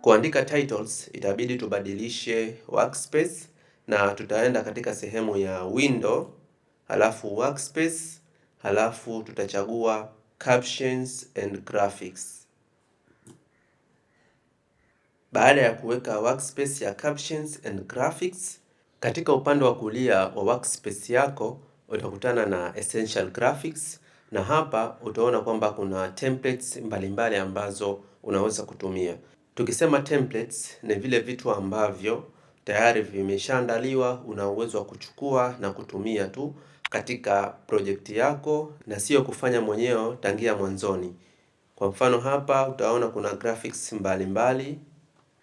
Kuandika titles itabidi tubadilishe workspace na tutaenda katika sehemu ya window, halafu workspace, halafu tutachagua captions and graphics. Baada ya kuweka workspace ya captions and graphics, katika upande wa kulia wa workspace yako utakutana na essential graphics, na hapa utaona kwamba kuna templates mbalimbali mbali ambazo unaweza kutumia. Tukisema templates ni vile vitu ambavyo tayari vimeshaandaliwa, una uwezo wa kuchukua na kutumia tu katika project yako na sio kufanya mwenyewe tangia mwanzoni. Kwa mfano hapa utaona kuna graphics mbalimbali mbali.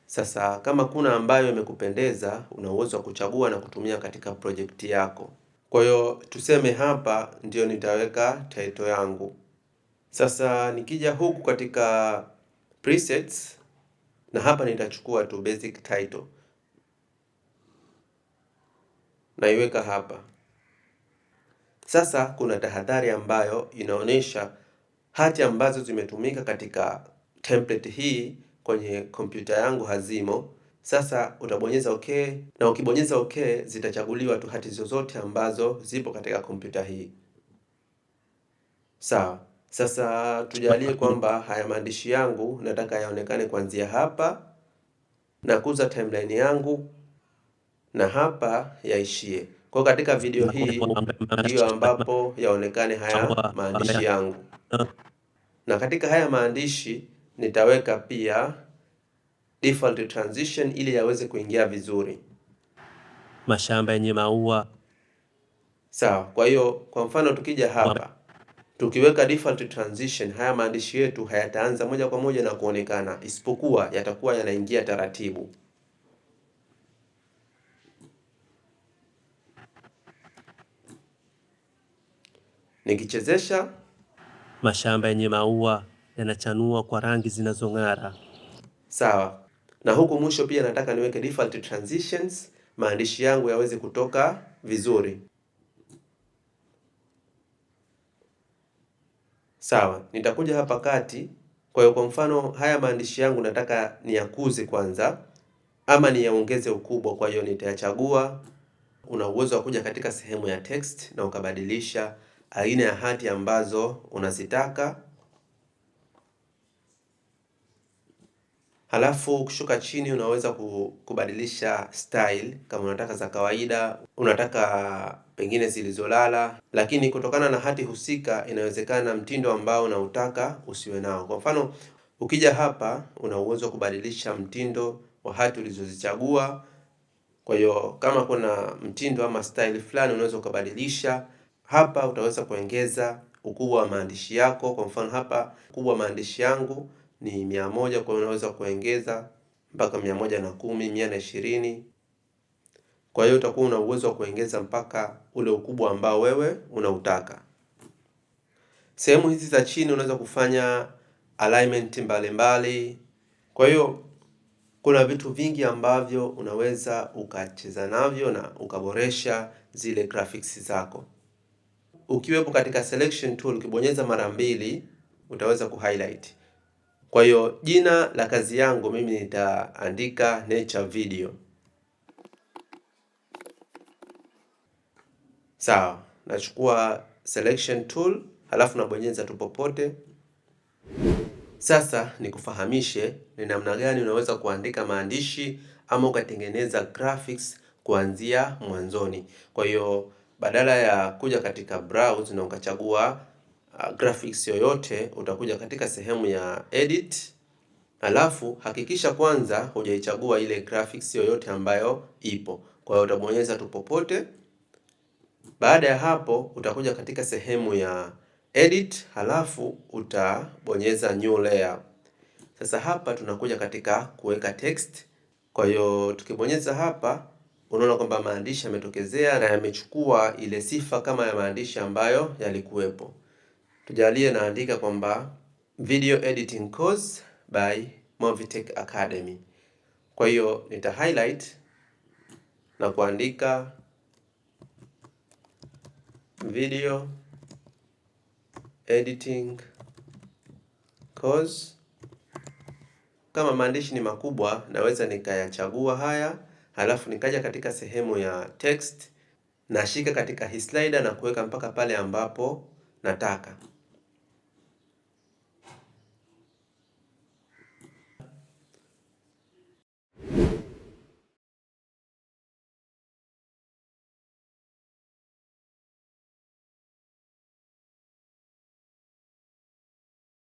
Sasa kama kuna ambayo imekupendeza una uwezo wa kuchagua na kutumia katika project yako. Kwa hiyo tuseme hapa ndio nitaweka title yangu. Sasa nikija huku katika presets na hapa nitachukua tu basic title naiweka hapa. Sasa kuna tahadhari ambayo inaonyesha hati ambazo zimetumika katika template hii kwenye kompyuta yangu hazimo. Sasa utabonyeza okay, na ukibonyeza okay zitachaguliwa tu hati zozote ambazo zipo katika kompyuta hii. Sawa. Sasa tujalie kwamba haya maandishi yangu nataka yaonekane kuanzia hapa, nakuza timeline yangu na hapa yaishie. Kwa katika video hii ndiyo ambapo yaonekane haya maandishi yangu, na katika haya maandishi nitaweka pia default transition ili yaweze kuingia vizuri. Mashamba yenye maua, sawa. Kwa hiyo kwa mfano tukija hapa Tukiweka default transition, haya maandishi yetu hayataanza moja kwa moja na kuonekana, isipokuwa yatakuwa yanaingia taratibu. Nikichezesha, mashamba yenye maua yanachanua kwa rangi zinazong'ara. Sawa, na huku mwisho pia nataka niweke default transitions, maandishi yangu yaweze kutoka vizuri. sawa, nitakuja hapa kati. Kwa hiyo kwa mfano haya maandishi yangu nataka niyakuze kwanza ama niyaongeze ukubwa, kwa hiyo nitayachagua. Una uwezo wa kuja katika sehemu ya text na ukabadilisha aina ya hati ambazo unazitaka. Halafu kushuka chini, unaweza kubadilisha style kama unataka za kawaida, unataka pengine zilizolala, lakini kutokana na hati husika inawezekana mtindo ambao unautaka usiwe nao. Kwa mfano, ukija hapa una uwezo wa kubadilisha mtindo wa hati ulizozichagua. Kwa hiyo kama kuna mtindo ama style fulani unaweza ukabadilisha hapa. Utaweza kuongeza ukubwa wa maandishi yako. Kwa mfano hapa ukubwa wa maandishi yangu ni mia moja, kwa hiyo unaweza kuongeza mpaka mia moja na kumi, mia na ishirini. Kwa hiyo utakuwa una uwezo wa kuongeza mpaka ule ukubwa ambao wewe unautaka. Sehemu hizi za chini unaweza kufanya alignment mbalimbali. Kwa hiyo kuna vitu vingi ambavyo unaweza ukacheza navyo na ukaboresha zile graphics zako. Ukiwepo katika selection tool, ukibonyeza mara mbili utaweza kuhighlight. Kwa hiyo jina la kazi yangu mimi nitaandika nature video. Sawa, nachukua selection tool halafu nabonyeza tu popote. Sasa nikufahamishe ni namna gani unaweza kuandika maandishi ama ukatengeneza graphics kuanzia mwanzoni. Kwa hiyo badala ya kuja katika browse na ukachagua uh, graphics yoyote, utakuja katika sehemu ya edit, alafu hakikisha kwanza hujaichagua ile graphics yoyote ambayo ipo. Kwa hiyo utabonyeza tu popote. Baada ya hapo utakuja katika sehemu ya edit, halafu utabonyeza new layer. Sasa hapa tunakuja katika kuweka text. Kwa hiyo tukibonyeza hapa unaona kwamba maandishi yametokezea na yamechukua ile sifa kama ya maandishi ambayo yalikuwepo. Tujalie naandika kwamba video editing course by Movitech Academy. Kwa hiyo nita highlight na kuandika video editing course. Kama maandishi ni makubwa, naweza nikayachagua haya, halafu nikaja katika sehemu ya text, nashika katika hii slider na kuweka mpaka pale ambapo nataka.